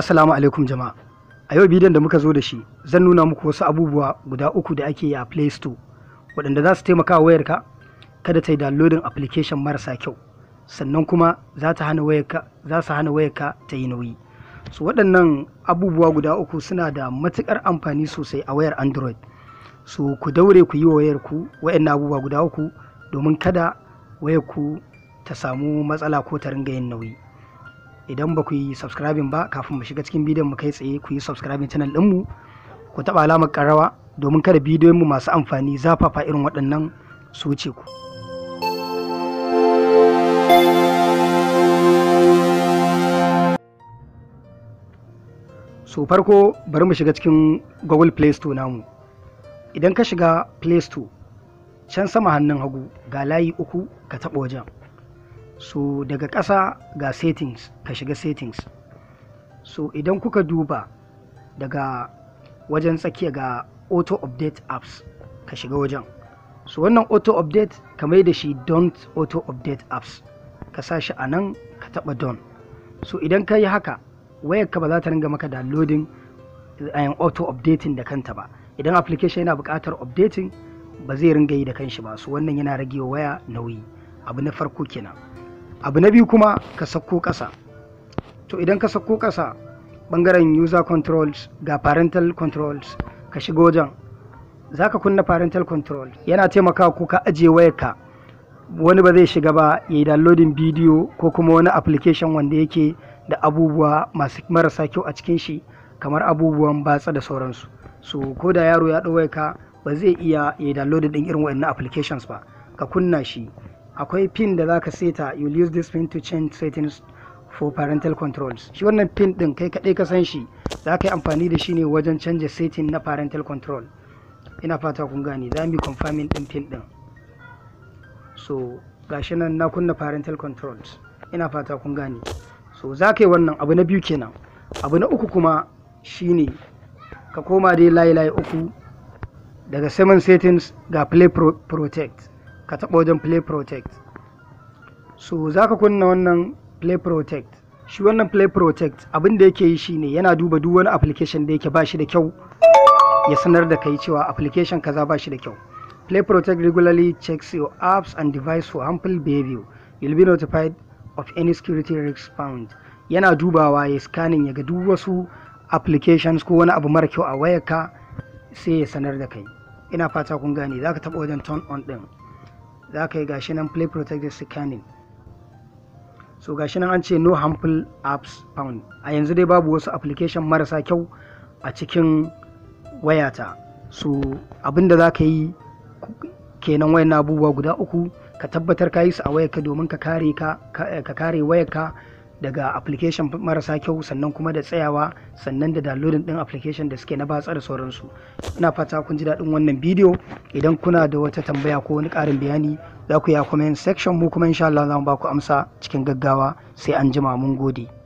Assalamu alaikum jama'a. A yau bidiyon da muka zo da shi zan nuna muku wasu abubuwa guda uku da ake yi a Play Store waɗanda za su taimaka wa wayarka kada ta yi downloading application marasa kyau sannan kuma za ta hana wayarka za su hana wayarka ta yi nauyi. So waɗannan abubuwa guda uku suna da matuƙar amfani sosai a wayar Android. So ku daure ku yi wa wayarku waɗannan abubuwa guda uku domin kada wayarku ta samu matsala ko ta ringa yin nauyi. idan ba ku yi subscribing ba kafin mu shiga cikin bidiyon mu kai tsaye ku yi subscribing channel mu ku taɓa alamar karawa domin kada bidiyon mu masu amfani zafafa irin waɗannan su wuce ku so farko bari mu shiga cikin google play store namu idan ka shiga play store can sama hannun hagu ga layi uku ka taɓa wajen so daga ƙasa ga settings ka shiga settings so idan kuka duba daga wajen tsakiya ga auto update apps ka shiga wajen so wannan auto update ka mai da shi don't auto update apps ka sa shi a nan ka taba don so idan ka yi haka wayar ka ba za ta ringa maka downloading ayan eh, auto updating da kanta ba idan application yana buƙatar updating ba zai ringa yi da kanshi ba so wannan yana rage waya nauyi abu na farko kenan abu na biyu kuma ka sauko ƙasa to idan ka sauko ƙasa bangaren user controls ga parental controls ka shiga wajen za ka kunna parental control yana taimakawa ko ka ajiye wayarka wani ba zai shiga ba ya yi downloading bidiyo ko kuma wani application wanda yake da abubuwa masu marasa kyau a cikin shi kamar abubuwan batsa da sauransu so ko da yaro ya ɗau wayarka ba zai iya ya yi downloading ɗin irin waɗannan applications ba ka kunna shi akwai pin da za ka seta you use this pin to change settings for parental controls shi wannan pin din kai kadai ka san shi za ka yi amfani da shi ne wajen canja setting na parental control ina fata kun gane za mu confirming din pin din so gashi nan na kunna parental controls ina fata kun gane so za ka yi wannan abu na biyu kenan abu na uku kuma shine ka koma dai layi layi uku daga seven settings ga play pro protect ka taɓa wajen play protect so za ka kunna wannan play protect shi wannan play protect abin da yake yi shi ne yana duba duk wani application da yake ba shi da kyau ya sanar da kai cewa application kaza ba shi da kyau play protect regularly checks your apps and device for harmful behavior you'll be notified of any security risks found yana dubawa ya scanning ya ga duk wasu applications ko wani abu mara kyau a wayarka sai ya sanar da kai ina fata kun gane za ka taɓa wajen turn on ɗin za ka yi gashi nan play protected scanning so gashi nan an ce no harmful apps found a yanzu dai babu wasu application marasa kyau a cikin wayata so abinda za ka yi kenan wayan abubuwa guda uku ka tabbatar ka yi su a wayarka domin ka kare wayarka daga application marasa kyau sannan kuma da tsayawa sannan da downloading din application da suke na batsa da sauransu ina fata kun ji daɗin wannan bidiyo idan kuna da wata tambaya ko wani ƙarin bayani za ku yi a comment section mu kuma insha Allah za mu ba ku amsa cikin gaggawa sai an jima mun gode